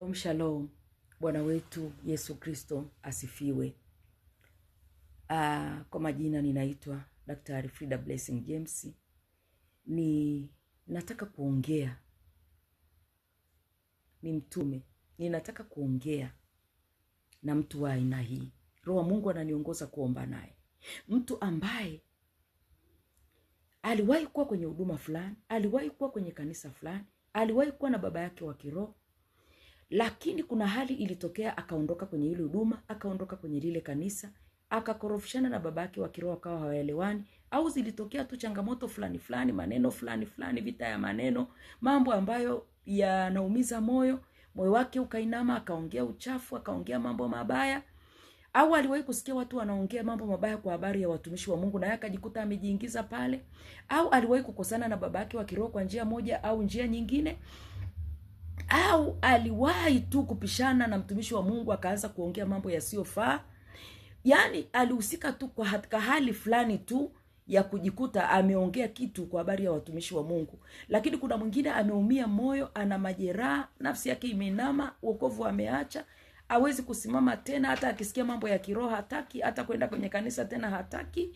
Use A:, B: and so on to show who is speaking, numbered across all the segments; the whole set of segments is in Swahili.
A: Shalom, shalom. Bwana wetu Yesu Kristo asifiwe. Aa, ah, kwa majina ninaitwa Daktari Frida Blessing James. Ni nataka kuongea, ni mtume, ninataka kuongea na mtu wa aina hii. Roho wa Mungu ananiongoza kuomba naye, mtu ambaye aliwahi kuwa kwenye huduma fulani, aliwahi kuwa kwenye kanisa fulani, aliwahi kuwa na baba yake wa kiroho lakini kuna hali ilitokea akaondoka kwenye ile huduma akaondoka kwenye lile kanisa akakorofishana na babake wa kiroho akawa hawaelewani au zilitokea tu changamoto fulani fulani maneno fulani fulani vita ya maneno mambo ambayo yanaumiza moyo moyo wake ukainama akaongea uchafu akaongea mambo mabaya au aliwahi kusikia watu wanaongea mambo mabaya kwa habari ya watumishi wa mungu naye akajikuta amejiingiza pale au aliwahi kukosana na babake wa kiroho kwa njia moja au njia nyingine au aliwahi tu kupishana na mtumishi wa Mungu akaanza kuongea mambo yasiyofaa. Yaani alihusika tu kwa katika hali fulani tu ya kujikuta ameongea kitu kwa habari ya watumishi wa Mungu, lakini kuna mwingine ameumia moyo, ana majeraha, nafsi yake imeinama, wokovu ameacha, hawezi kusimama tena, hata akisikia mambo ya kiroho hataki, hata kwenda kwenye kanisa tena hataki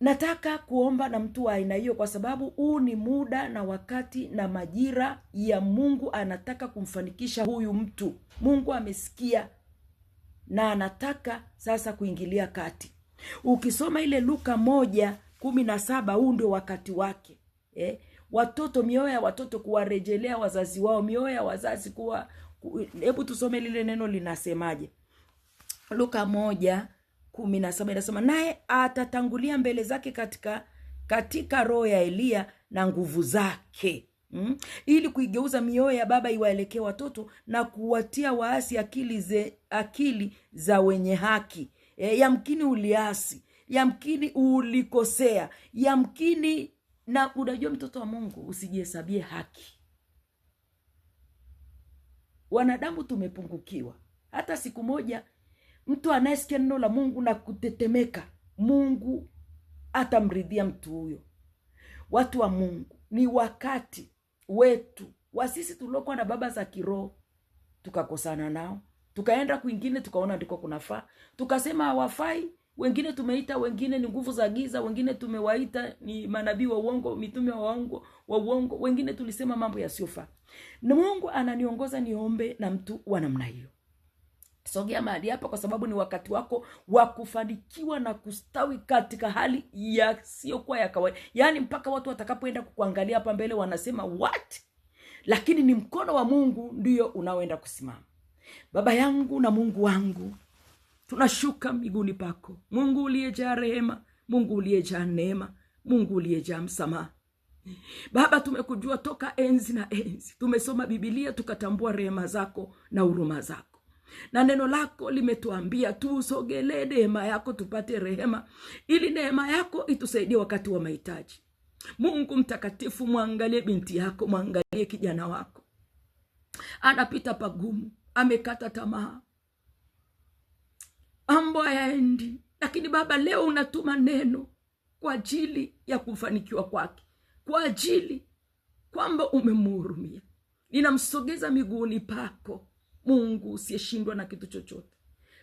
A: nataka kuomba na mtu wa aina hiyo kwa sababu huu ni muda na wakati na majira ya mungu anataka kumfanikisha huyu mtu mungu amesikia na anataka sasa kuingilia kati ukisoma ile luka moja kumi na saba huu ndio wakati wake eh? watoto mioyo ya watoto kuwarejelea wazazi wao mioyo ya wazazi kuwa hebu tusome lile neno linasemaje luka moja kumi na saba inasema naye atatangulia mbele zake katika katika roho ya Eliya na nguvu zake mm, ili kuigeuza mioyo ya baba iwaelekee watoto na kuwatia waasi akili, ze, akili za wenye haki. E, yamkini uliasi, yamkini ulikosea, yamkini na unajua, mtoto wa Mungu usijihesabie haki. Wanadamu tumepungukiwa. Hata siku moja Mtu anayesikia neno la Mungu na kutetemeka, Mungu atamridhia mtu huyo. Watu wa Mungu, ni wakati wetu wa sisi tuliokuwa na baba za kiroho tukakosana nao, tukaenda kwingine, tukaona ndiko kunafaa, tukasema hawafai. Wengine tumeita, wengine ni nguvu za giza, wengine tumewaita ni manabii wa uongo, mitume wa uongo, wa uongo, wengine tulisema mambo yasiyofaa. Na Mungu ananiongoza niombe na mtu wa namna hiyo sogea mahali hapa kwa sababu ni wakati wako wa kufanikiwa na kustawi katika hali yasiyokuwa ya kawaida yaani mpaka watu watakapoenda kukuangalia hapa mbele wanasema what lakini ni mkono wa mungu ndio unaoenda kusimama baba yangu na mungu wangu tunashuka miguuni pako mungu uliyejaa rehema mungu uliyejaa neema mungu uliyejaa msamaha baba tumekujua toka enzi na enzi tumesoma bibilia tukatambua rehema zako na huruma zako na neno lako limetuambia tusogelee neema yako tupate rehema, ili neema yako itusaidie wakati wa mahitaji. Mungu mtakatifu, mwangalie binti yako, mwangalie kijana wako, anapita pagumu, amekata tamaa, mambo hayaendi, lakini Baba, leo unatuma neno kwa ajili ya kufanikiwa kwake, kwa ajili kwamba umemhurumia. Ninamsogeza miguuni pako Mungu usiyeshindwa na kitu chochote.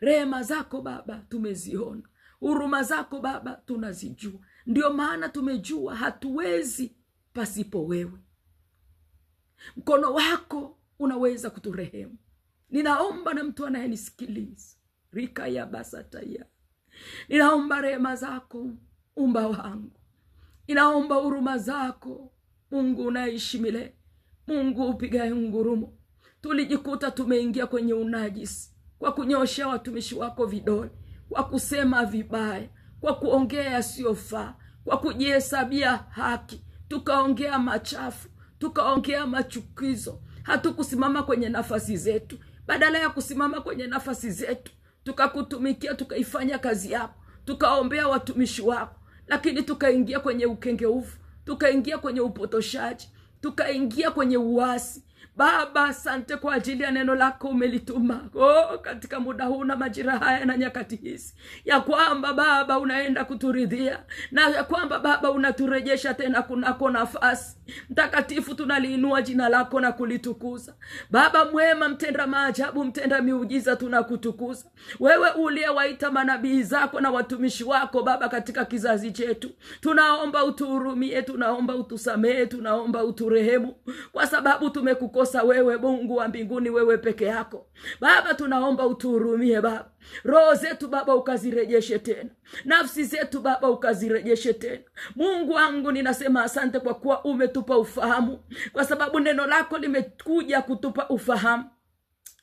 A: Rehema zako Baba tumeziona, huruma zako Baba tunazijua, ndio maana tumejua hatuwezi pasipo wewe. Mkono wako unaweza kuturehemu. Ninaomba na mtu anayenisikiliza rika ya basataya, ninaomba rehema zako umba wangu, ninaomba huruma zako Mungu unaishi mile Mungu upigaye ngurumo tulijikuta tumeingia kwenye unajisi kwa kunyoshea watumishi wako vidole, kwa kusema vibaya, kwa kuongea yasiyofaa, kwa kujihesabia haki, tukaongea machafu, tukaongea machukizo, hatukusimama kwenye nafasi zetu. Badala ya kusimama kwenye nafasi zetu, tukakutumikia, tukaifanya kazi yako, tukaombea watumishi wako, lakini tukaingia kwenye ukengeufu, tukaingia kwenye upotoshaji, tukaingia kwenye uasi Baba, asante kwa ajili ya neno lako umelituma oh, katika muda huu na majira haya na nyakati hizi, ya kwamba Baba unaenda kuturidhia na ya kwamba Baba unaturejesha tena kunako nafasi. Mtakatifu, tunaliinua jina lako na kulitukuza. Baba mwema, mtenda maajabu, mtenda miujiza, tunakutukuza wewe, uliyewaita manabii zako na watumishi wako Baba katika kizazi chetu. Tunaomba utuhurumie, tunaomba utusamehe, tunaomba uturehemu kwa sababu tumeku kukosa wewe mungu wa mbinguni wewe peke yako baba tunaomba utuhurumie baba roho zetu baba ukazirejeshe tena nafsi zetu baba ukazirejeshe tena mungu wangu ninasema asante kwa kuwa umetupa ufahamu kwa sababu neno lako limekuja kutupa ufahamu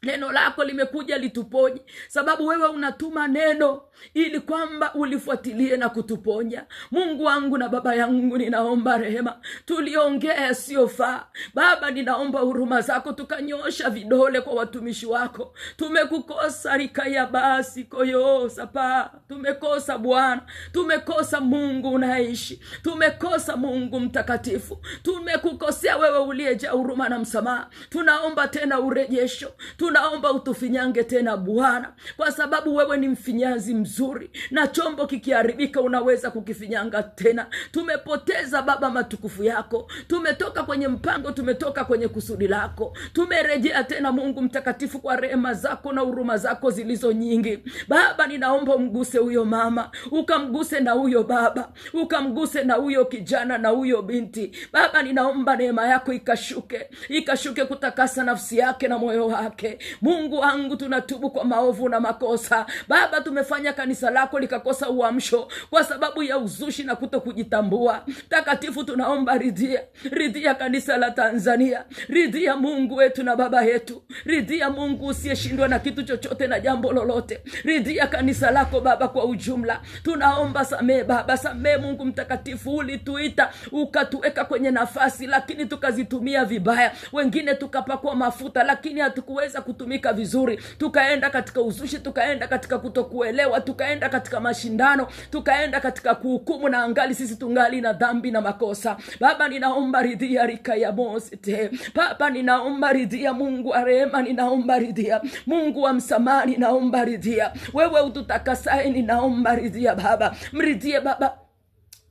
A: Neno lako limekuja lituponye, sababu wewe unatuma neno ili kwamba ulifuatilie na kutuponya. Mungu wangu na baba yangu, ninaomba rehema. Tuliongea yasiyofaa Baba, ninaomba huruma zako, tukanyosha vidole kwa watumishi wako. Tumekukosa rikaya basi koyo sapa, tumekosa Bwana, tumekosa Mungu unaishi, tumekosa Mungu mtakatifu, tumekukosea wewe uliyejaa huruma na msamaha. Tunaomba tena urejesho tunaomba utufinyange tena Bwana, kwa sababu wewe ni mfinyazi mzuri, na chombo kikiharibika unaweza kukifinyanga tena. Tumepoteza Baba matukufu yako, tumetoka kwenye mpango, tumetoka kwenye kusudi lako, tumerejea tena Mungu mtakatifu, kwa rehema zako na huruma zako zilizo nyingi. Baba, ninaomba umguse huyo mama, ukamguse na huyo baba, ukamguse na huyo kijana na huyo binti. Baba, ninaomba neema yako ikashuke, ikashuke kutakasa nafsi yake na moyo wake mungu wangu tunatubu kwa maovu na makosa baba tumefanya kanisa lako likakosa uamsho kwa sababu ya uzushi na kuto kujitambua takatifu tunaomba ridhia ridhia kanisa la tanzania ridhia mungu wetu na baba yetu ridhia mungu usiyeshindwa na kitu chochote na jambo lolote ridhia kanisa lako baba kwa ujumla tunaomba samee baba samee mungu mtakatifu ulituita ukatuweka kwenye nafasi lakini tukazitumia vibaya wengine tukapakwa mafuta lakini hatukuweza kutumika vizuri tukaenda katika uzushi tukaenda katika kutokuelewa tukaenda katika mashindano tukaenda katika kuhukumu na angali sisi tungali na dhambi na makosa baba ninaomba ridhia rikayamosite baba ninaomba ridhia mungu wa rehema ninaomba ridhia mungu wa msamaha ninaomba ridhia wewe ututakasae ninaomba ridhia baba mridhie baba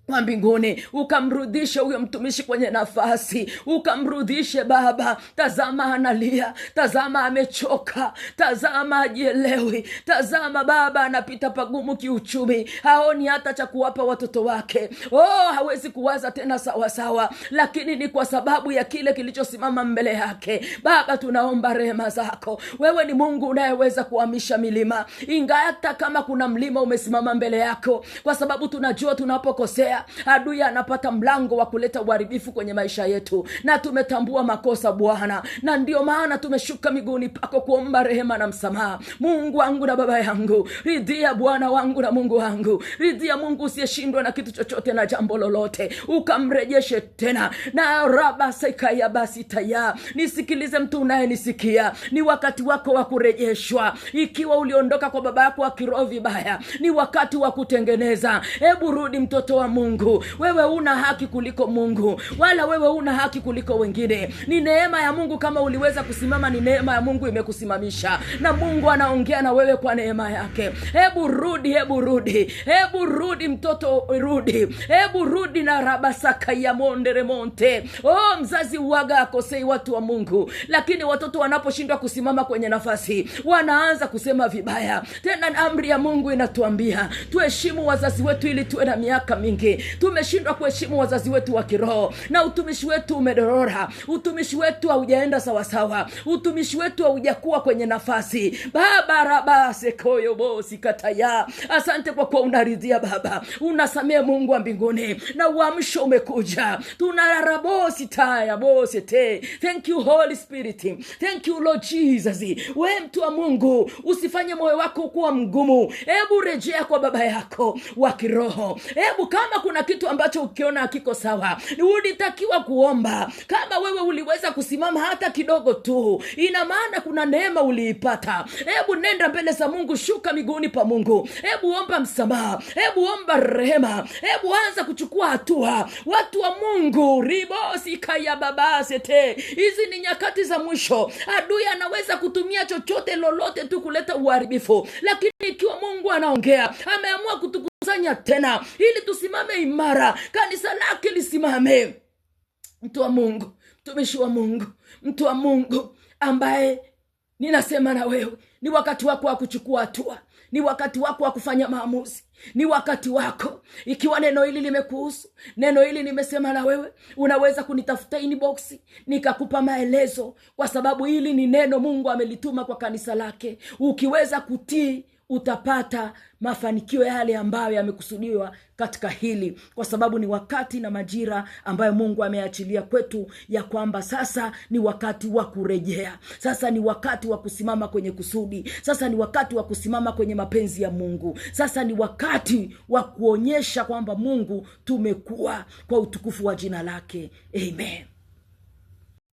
A: wa mbinguni ukamrudishe huyo mtumishi kwenye nafasi, ukamrudishe Baba. Tazama analia, tazama amechoka, tazama ajielewi tazama Baba anapita pagumu kiuchumi, haoni hata cha kuwapa watoto wake. Oh, hawezi kuwaza tena sawasawa sawa. Lakini ni kwa sababu ya kile kilichosimama mbele yake. Baba, tunaomba rehema zako. Wewe ni Mungu unayeweza kuhamisha milima, ingata kama kuna mlima umesimama mbele yako, kwa sababu tunajua tunapokosea haya adui anapata mlango wa kuleta uharibifu kwenye maisha yetu na tumetambua makosa bwana na ndio maana tumeshuka miguuni pako kuomba rehema na msamaha mungu wangu na baba yangu ridhia bwana wangu na mungu wangu ridhia mungu usiyeshindwa na kitu chochote na jambo lolote ukamrejeshe tena na raba sekaya basi taya nisikilize mtu unayenisikia ni wakati wako wa kurejeshwa ikiwa uliondoka kwa baba yako wa kiroho vibaya ni wakati wa kutengeneza hebu rudi mtoto wa mungu Mungu. Wewe una haki kuliko Mungu, wala wewe una haki kuliko wengine. Ni neema ya Mungu kama uliweza kusimama, ni neema ya Mungu imekusimamisha, na Mungu anaongea na wewe kwa neema yake. Hebu rudi, hebu rudi, hebu rudi, mtoto rudi, hebu rudi na rabasaka ya mondere monte. Oh, mzazi uwaga akosei watu wa Mungu, lakini watoto wanaposhindwa kusimama kwenye nafasi wanaanza kusema vibaya. Tena amri ya Mungu inatuambia tuheshimu wazazi wetu ili tuwe na miaka mingi tumeshindwa kuheshimu wazazi wetu wa kiroho na utumishi wetu umedorora utumishi wetu haujaenda sawasawa utumishi wetu haujakuwa kwenye nafasi kataya asante kwa kuwa unaridhia baba unasamee mungu wa mbinguni na uamsho umekuja tunararabositaya bosete thank you holy spirit thank you lord jesus we mtu wa mungu usifanye moyo wako kuwa mgumu hebu rejea kwa baba yako wa kiroho hebu kama kuna kitu ambacho ukiona hakiko sawa ulitakiwa kuomba kama wewe uliweza kusimama hata kidogo tu ina maana kuna neema uliipata hebu nenda mbele za mungu shuka miguuni pa mungu hebu omba msamaha hebu omba rehema hebu anza kuchukua hatua watu wa mungu ribosikayababasete hizi ni nyakati za mwisho adui anaweza kutumia chochote lolote tu kuleta uharibifu lakini ikiwa mungu anaongea ameamua kutuku kukusanya tena ili tusimame imara kanisa lake lisimame mtu wa mungu mtumishi wa mungu mtu wa mungu ambaye ninasema na wewe ni wakati wako wa kuchukua hatua ni wakati wako wa kufanya maamuzi ni wakati wako ikiwa neno hili limekuhusu neno hili nimesema na wewe unaweza kunitafuta inbox nikakupa maelezo kwa sababu hili ni neno mungu amelituma kwa kanisa lake ukiweza kutii utapata mafanikio yale ambayo yamekusudiwa katika hili kwa sababu ni wakati na majira ambayo mungu ameachilia kwetu ya kwamba sasa ni wakati wa kurejea sasa ni wakati wa kusimama kwenye kusudi sasa ni wakati wa kusimama kwenye mapenzi ya mungu sasa ni wakati wa kuonyesha kwamba mungu tumekuwa kwa utukufu wa jina lake amen